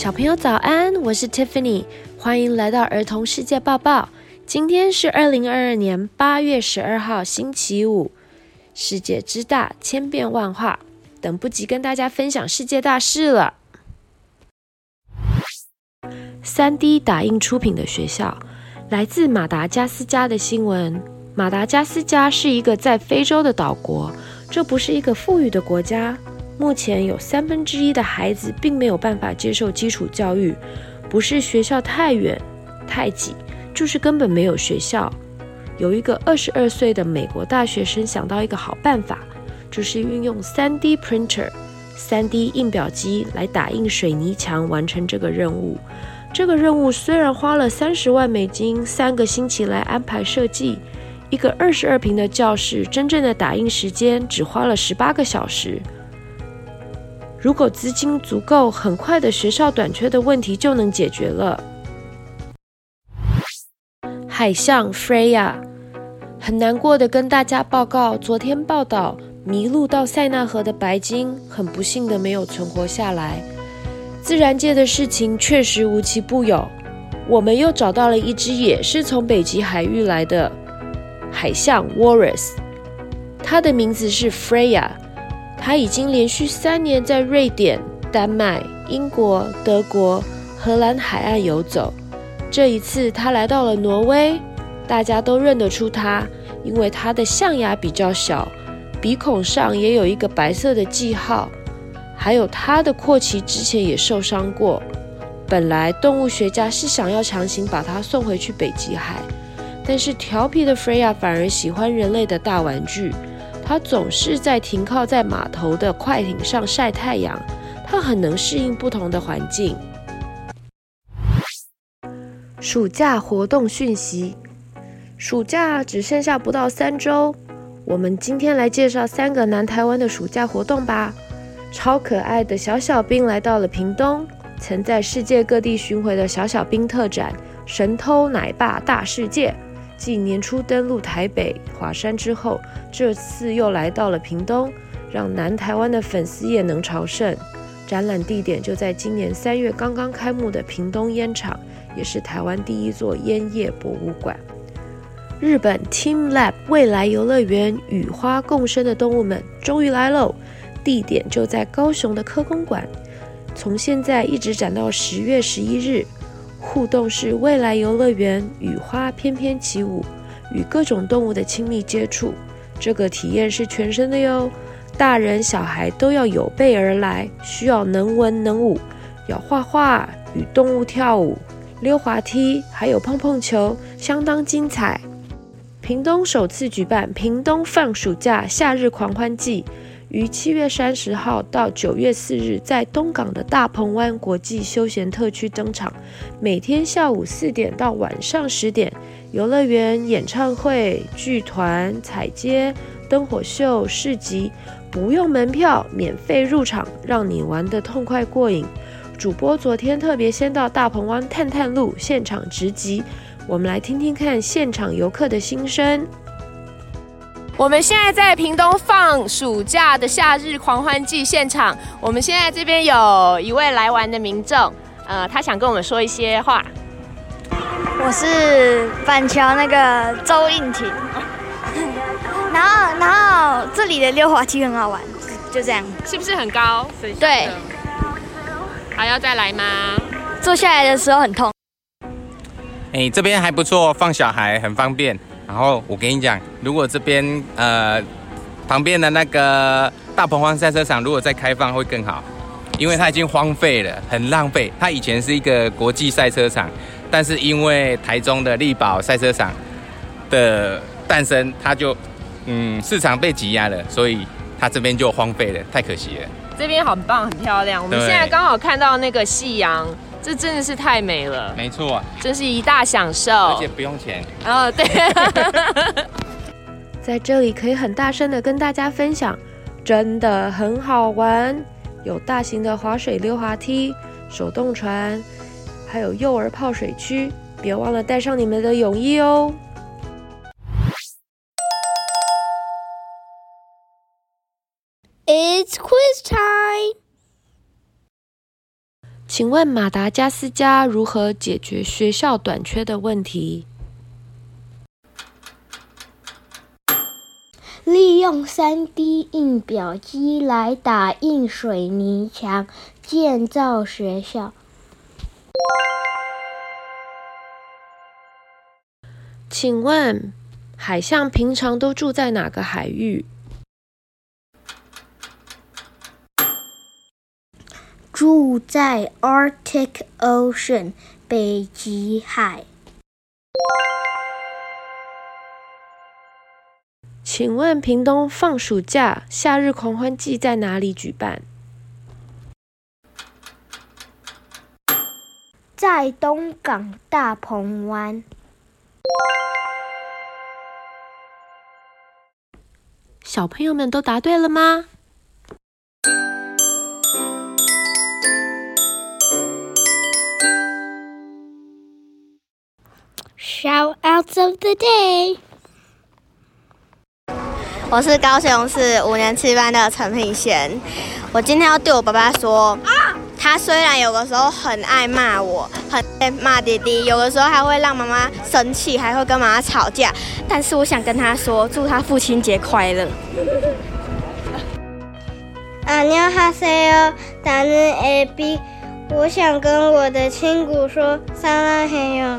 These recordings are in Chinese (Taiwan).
小朋友早安，我是 Tiffany，歡迎來到兒童世界報報。今天是二零二二年八月十二號星期五。世界之大，千變萬化，等不及跟大家分享世界大事了。三 D 打印出品的學校，來自馬達加斯加的新聞。馬達加斯加是一個在非洲的島國，這不是一個富裕的國家。目前有三分之一的孩子並沒有辦法接受基礎教育，不是學校太遠太擠，就是根本沒有學校。有一個二十二歲的美國大學生想到一個好辦法，就是運用三 D printer（ 三 D 印表機）來打印水泥牆，完成這個任務。這個任務雖然花了三十萬美金，三個星期來安排設計，一個二十二坪的教室，真正的打印時間只花了十八個小時。如果資金足夠，很快的學校短缺的問題就能解決了。海象 Freya 很難過的跟大家報告，昨天報道迷路到塞納河的白鯨，很不幸的沒有存活下來。自然界的事情確實無奇不有，我們又找到了一隻也是從北極海域來的海象 Walrus，它的名字是 Freya。他已經連續三年在瑞典、丹麥、英國、德國、荷蘭海岸游走。這一次，他來到了挪威。大家都認得出他，因為他的象牙比較小，鼻孔上也有一個白色的記號，還有他的闊鰭之前也受傷過。本來動物學家是想要強行把他送回去北極海，但是調皮的 Freya 反而喜歡人類的大玩具。它總是在停靠在碼頭的快艇上曬太陽，它很能適應不同的環境。暑假活動訊息：暑假只剩下不到三週，我們今天來介紹三個南台灣的暑假活動吧。超可愛的小小兵來到了屏東，曾在世界各地巡迴的小小兵特展《神偷奶爸大世界》。繼年初登陸台北華山之後，這次又來到了屏東，讓南台灣的粉絲也能朝聖。展覽地點就在今年三月剛剛開幕的屏東菸廠，也是台灣第一座菸葉博物館。日本 TeamLab 未來遊樂園與花共生的動物們終於來嘍，地點就在高雄的科工館，從現在一直展到十月十一日。互動式未來遊樂園，與花翩翩起舞，與各種動物的親密接觸，這個體驗是全身的喲。大人小孩都要有備而來，需要能文能武，要畫畫、與動物跳舞、溜滑梯，還有碰碰球，相當精彩。屏東首次舉辦屏東放暑假夏日狂歡祭。於七月三十號到九月四日，在東港的大鵬灣國際休閒特區登場，每天下午四點到晚上十點，遊樂園、演唱會、劇團、踩街、燈火秀、市集，不用門票，免費入場，讓你玩得痛快過癮。主播昨天特別先到大鵬灣探探路，現場直擊，我們來聽聽看現場遊客的心聲。我們現在在屏東放暑假的夏日狂歡祭現場，我們現在這邊有一位來玩的民眾，呃，他想跟我們說一些話。我是板橋那個周應婷，然後，然後這裡的溜滑梯很好玩，就這樣，是不是很高？對，還、啊、要再來嗎？坐下來的時候很痛。哎，這邊還不錯，放小孩很方便。然後我跟你講，如果這邊呃旁邊的那個大鵬灣賽車場如果再開放會更好，因為它已經荒廢了，很浪費。它以前是一個國際賽車場，但是因為台中的麗寶賽車場的誕生，它就嗯市場被擠壓了，所以它這邊就荒廢了，太可惜了。這邊好棒，很漂亮。我們現在剛好看到那個夕陽。這真的是太美了，沒錯、啊，這是一大享受，而且不用錢。哦、oh, 對啊，對， 在這裡可以很大聲的跟大家分享，真的很好玩，有大型的滑水溜滑梯、手動船，還有幼兒泡水區，別忘了帶上你們的泳衣哦。請問馬達加斯加如何解決學校短缺的問題？利用 3D 印表機來打印水泥牆，建造學校。請問，海象平常都住在哪個海域？住在 Arctic Ocean 北極海。請問屏東放暑假夏日狂歡祭在哪裡舉辦？在東港大鵬灣。小朋友們都答對了嗎？Shout out of the day，我是高雄市五年七班的陳品賢，我今天要對我爸爸說，他雖然有的時候很愛罵我，很愛罵弟弟，有的時候還會讓媽媽生氣，還會跟媽媽吵架，但是我想跟他說，祝他父親節快樂。阿牛哈西喲，大人 AB，我想跟我的親姑說，莎朗嘿喲。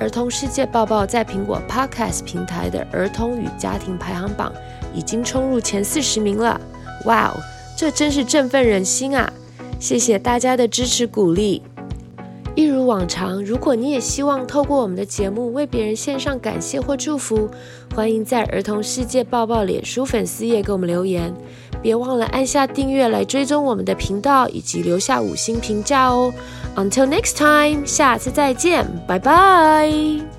兒童世界報報在蘋果 Podcast 平台的兒童與家庭排行榜已經衝入前四十名了！哇哦，這真是振奮人心啊！謝謝大家的支持鼓勵。一如往常，如果你也希望透過我們的節目為別人獻上感謝或祝福，歡迎在兒童世界抱抱臉書粉絲頁給我們留言。別忘了按下訂閱來追蹤我們的頻道，以及留下五星評價哦。Until next time，下次再見，拜拜。